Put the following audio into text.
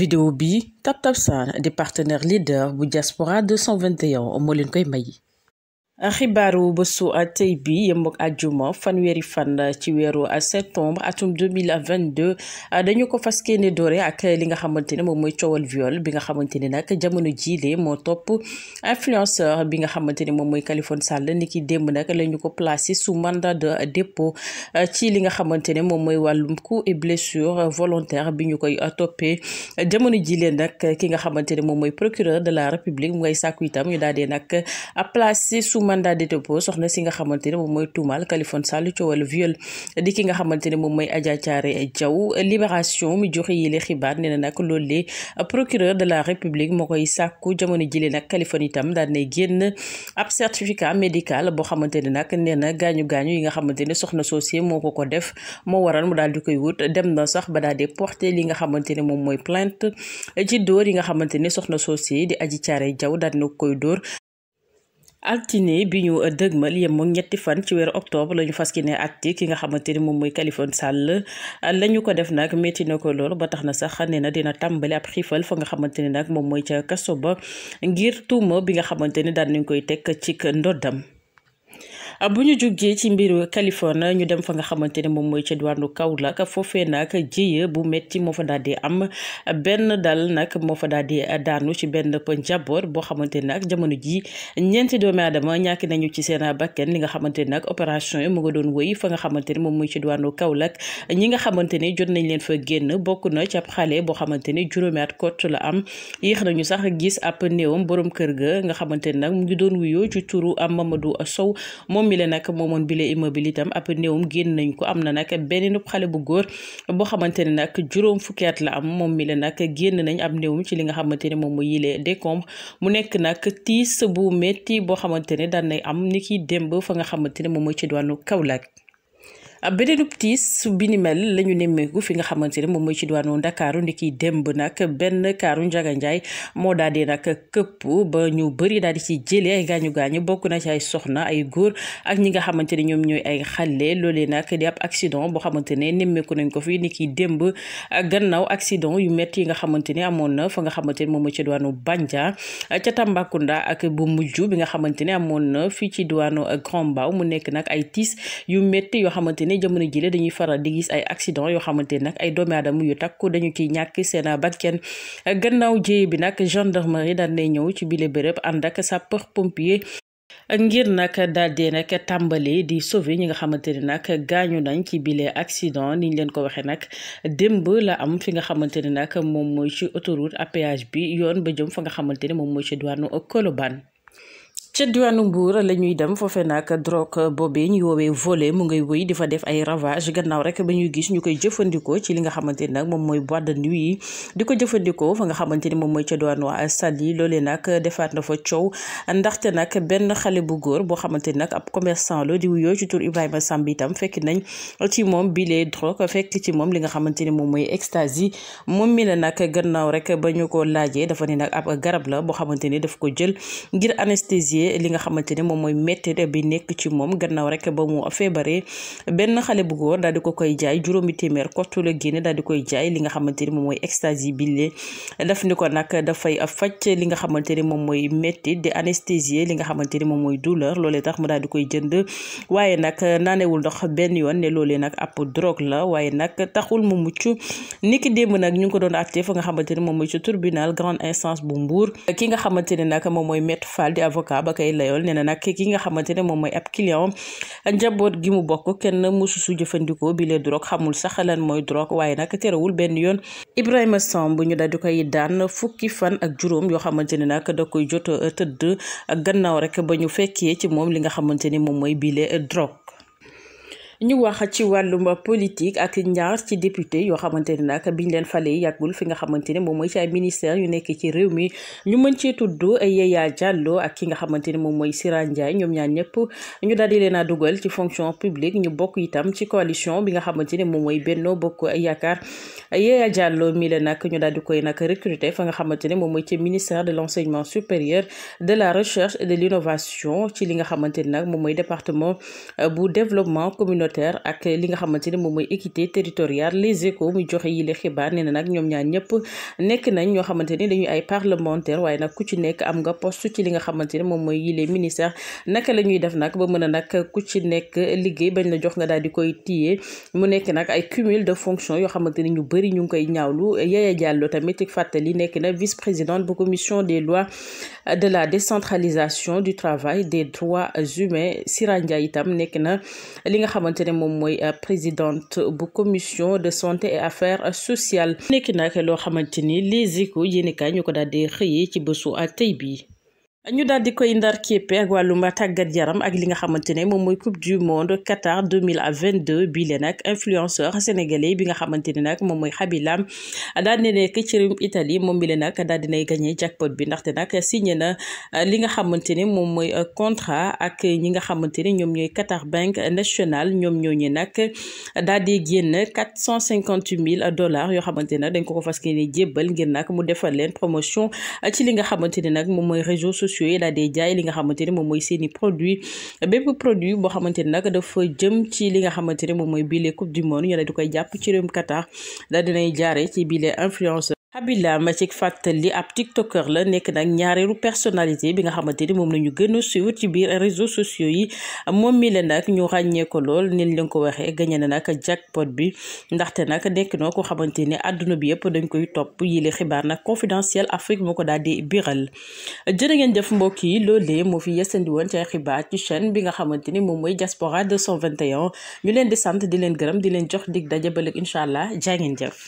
vidéo bi Tabtabsa di partenaire leader bu diaspora 221 moo leen koy may xibaaru bësu tey bi yëmbok àjjuma fanweeri fan ci weeru septembre atum 2022 dañu ko fas ne doore ak li nga xamante ne moom mooy coowal viol bi nga xamante ne nag jamono jiile moo topp influenceur bi nga xamante ne moom mooy Kaliphone Sall ni ki démb nag la ñu ko placé su mandat de dépôt ci li nga xamante ne moom mooy wàllum ku et blessure volontaire bi ñu koy toppee jamono jiile nag ki nga xamante ne moom mooy procureur de la république mu ngay sàkku itam ñu daal di nag placé sous mandat de dépôt soxna si nga xamante ne moom mooy tuumaal Kaliphone Sall coowal viol di ki nga xamante ne moom mooy Adja Thiaré Diaw libération mi joxe yi le xibaar na nag loolu procureur de la république moo koy sàkku jamono jile nag Kaliphone itam daal nay génn ab certificat médical boo xamante ne nag nee na gaañu gaañu yi nga xamante ne soxna soosee moo ko ko def moo waral mu daal di koy wut dem na sax ba daal di porter li nga xamante ne moom mooy plainte ci dóor yi nga xamante ne soxna soosee di Adji Thiaré jaw daal na koy dóor altine bi ñu dëgmal yem moom ñetti fan ci weeru octobre la ñu fas ki ne atti ki nga xamante ni moom mooy Kaliphone sàll la ñu ko def nag métti na ko loolu ba tax na sax nee na dina tàmbali ab xiifal fa nga xamante ni nag moom mooy ca kaso ba ngir tuuma bi nga xamante ni daan nañ koy teg ci ndoddam bu ñu jógee ci mbiru Californie ñu dem fa nga xamante ne moom mooy ca kaw Kaolack foofee nag jéeya bu métti moo fa daal am benn dal nag moo fa daal di daanu ci benn njaboot boo xamante ne nag jamono ji ñeenti doomi aadama ñàkk nañu ci seen bakkan li nga xamante ne nag opération yi mu doon wéy fa nga xamante ne moom mooy ci diwaanu Kaolack ñi nga xamante ne jot nañ leen fa génn bokk na ci ab xale boo xamante ne juróomi at kott la am yéex nañu sax gis ab néewam boroom kër ga nga xamante ne nag mu ngi doon wuyoo ci turu am Mamadou Sow moom mi le nag moomoon bile immeuble itam ab néewum génn nañ ko am na nag beneen xale bu góor boo xamante ne nag juróom fukki at la am moom mi le nag génn nañ ab néewum ci li nga xamante ne moom mooy yile décombre mu nekk nag tiis bu métti boo xamante ne daan nay am ni kiy démb fa nga xamante ne moom mooy ci diwaanu Kaolack beneen tiis bi ni mel la ñu nemmeeku fi nga xamante ne moom mooy ci diwaanu Ndakaaru ndiki démb nag benn kaaru Njaga moo daal di nag këpp ba ñu bëri daal di ci jëlee gaañu gaañu bokk na ci ay soxna ay góor ak ñi nga xamante ne ñoom ñooy ay xale loolee nag ab accident boo xamante ne nemmeeku nañ ko fi niki démb gannaaw accident yu metti yi nga xamante ne amoon na fa nga xamante ne moom mooy ci diwaanu Bandia ca Tambacounda ak bu mujj bi nga xamante ne amoon na fii ci diwaanu Grand Mbao mu nekk nag ay tiis yu metti yoo xamante ne ne jamono jile dañuy faral di gis ay accident yoo xamante nag ay doomi aadama yu takku dañu ci ñàkk seen bakkan gannaaw jéye bi nag gendarmerie daan nay ñëw ci bile béréb ànd ak sapeur pompier ngir nag daal di nag tàmbali di sauver ñi nga xamante ne nag gaañu nañ ci bile accident ni leen ko waxee nag démb la am fi nga xamante ne nag moom mooy ci autoroute à bi yoon ba jëm fa nga xamante ne moom mooy ci diwaanu Colobane ca diwaanu Mbour la ñuy dem foofee nag drogue boobee ñu volet mu ngay wéy di def ay ravage gannaaw rek ba ñuy gis ñu koy jëfandikoo ci li nga xamante ni nag moom mooy boîte de di ko jëfandikoo fa nga xamante ni moom mooy ca diwaanu waa Saly loolee nag na fa coow ndaxte nag benn xale bu góor boo xamante ni nag ab commerçant la di wuyoo ci tur Ibrahima Samb fekk nañ ci moom bile drogue fekk ci moom li nga xamante ni moom mooy ecstasy moom mi la nag gannaaw rek ba ñu ko laajee dafa ne nag ab garab la boo xamante ni daf ko jël ngir anesthésier wàccee li nga xamante ne moom mooy méttere bi nekk ko koy jaay juróomi téeméer kottu la génne daal di koy jaay li nga xamante ne moom mooy extase bi lee daf ni li nga xamante ne moom mooy métti di anesthésier li nga xamante ne moom mooy douleur loolee tax mu daal di koy jënd waaye nag naanewul ndox benn yoon ne loolee nag ab drogue la waaye nag taxul mu mucc niki démb nag ñu ngi ko doon àtte fa nga xamante ne moom mooy ci tribunal grande instance bu Mbour ki nga xamante koy layool nee na nag ki nga xamante ne moom mooy ab client njaboot gi mu bokk kenn mususu jëfandikoo bi lee drogue xamul sax lan mooy drogue waaye nag terewul benn yoon Ibrahima Samb ñu daal di koy daan fukki fan ak juróom yoo xamante ne nag da koy jot tëdd ak gannaaw rek ba ñu fekkee ci moom li nga xamante ne moom mooy bile drogue ñu wax ci wàllum politique ak ñaar ci député yoo xamante ne nag ñu leen fale yàggul fi nga xamante ne moom mooy ci ay ministère yu nekk ci réew mi ñu mën cee tudd Yaya ak ki nga xamante ne moom mooy Sira ñoom ñaar ñëpp ñu daal di leen a dugal ci fonction publique ñu bokk itam ci coalition bi nga xamante ne moom mooy Benno Bokk Yaakaar Yaya Diallo mi la nag ñu daal di koy nag recruter fa nga xamante ne moom mooy ci ministère de l'enseignement supérieur de la recherche et de l'innovation ci li nga xamante ne nag moom mooy département bu développement communautaire communautaire ak li nga xamante moom mooy équité territoriale les échos muy joxe yile xibaar nee nag ñoom ñaar ñëpp nekk nañ ñoo xamante dañuy ay parlementaire waaye nag ku ci nekk am nga poste ci li nga xamante moom mooy yile ministère naka la def nag ba mën a nag ku ci nekk liggéey bañ la jox nga daal di koy téye mu nekk nag ay cumul de fonction yoo xamante ne ñu bëri ñu ngi koy ñaawlu Yaya Diallo tamit fàttali nekk na vice présidente bu commission xamante ne moom mooy euh, présidente bu commission de santé et affaires sociales nekk nag loo xamante ni les échos yéen kaay ñu ko daal di xëyee ci bésu tey bii. ñu daal di koy ndar képpe ak wàllum tàggat yaram ak li nga xamante ne moom mooy coupe du monde Qatar 2022 bii leen nag influenceur sénégalais bi nga xamante ne nag moom mooy Khaby Lame daal di nekk ci réewum Italie moom mi leen nag daal dinay gagné jackpot bi ndaxte nag signé na li nga xamante ne moom mooy contrat ak ñi nga xamante ne ñoom ñooy Qatar Bank National ñoom ñooñu nag daal di génn 458 000 dollars yoo xamante ne dañ ko ko fas yéene jébbal ngir nag mu defal leen promotion ci li nga xamante ne nag moom mooy réseaux sociaux daal di jaay li nga xamante ni moom mooy seen i produit bépp produit boo xamante ni nag dafa jëm ci li nga xamante ni moom mooy bile coupe du monde ñu daal di koy jàpp ci réewum Qatar daal dinay jaare ci bile influence Habila ma ci fàttali ab tiktoker la nekk nag ñaareelu personnalité bi nga xamante ni moom la ñu gën a suivre ci biir réseau sociaux yi moom mi leen nag ñu ràññee lool nin leen ko waxee gagné na nag jackpot bi ndaxte nag nekk noo ko xamante ni àdduna bi yëpp dañ koy topp yile xibaar nag confidentiel Afrique moo ko daal di biral jërë ngeen jëf mbokk yi loolee moo fi yesandi woon ci ay xibaar ci chaîne bi nga xamante ni moom mooy Diaspora 221 ñu leen di sant di leen gërëm di leen jox dig daje ba incha allah jaa ngeen